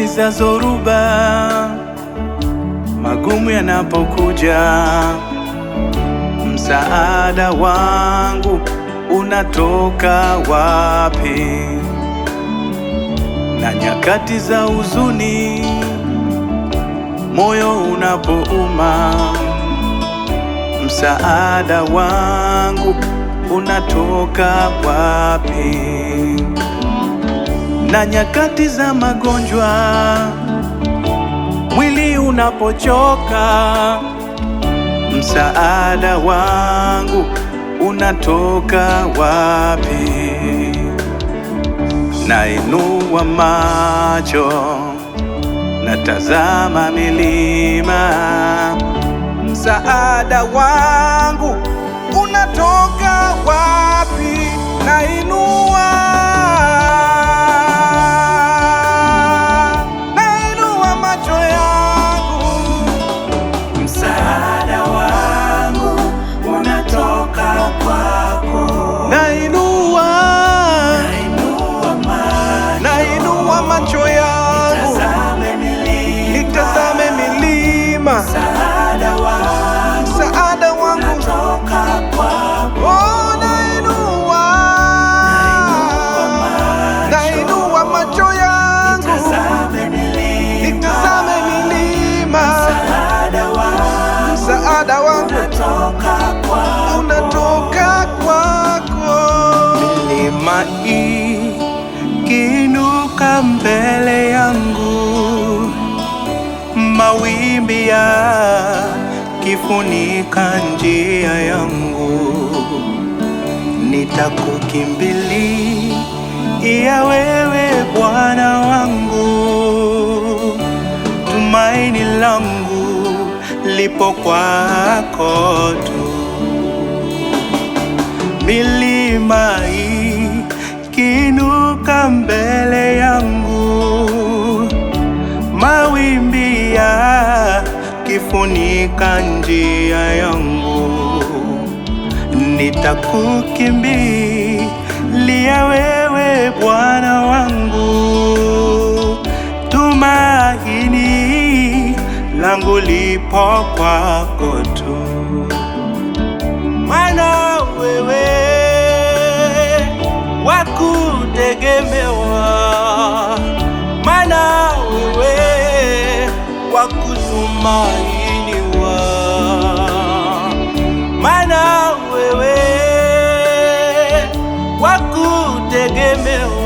nyakati za zoruba, magumu yanapokuja, msaada wangu unatoka wapi? Na nyakati za huzuni, moyo unapouma, msaada wangu unatoka wapi? na nyakati za magonjwa, mwili unapochoka, msaada wangu unatoka wapi? Nainua macho, natazama milima, msaada wangu unatoka ikiinuka mbele yangu, mawimbi kifunika njia yangu, nitakukimbilia wewe Bwana wangu, tumaini langu lipo kwako tu milima Inuka mbele yangu, mawimbi kifunika njia yangu, nitakukimbilia wewe Bwana wangu, tumaini langu lipo kwako tu. kulemewa, mana wewe wa kutumainiwa, mana wewe wa kutegemewa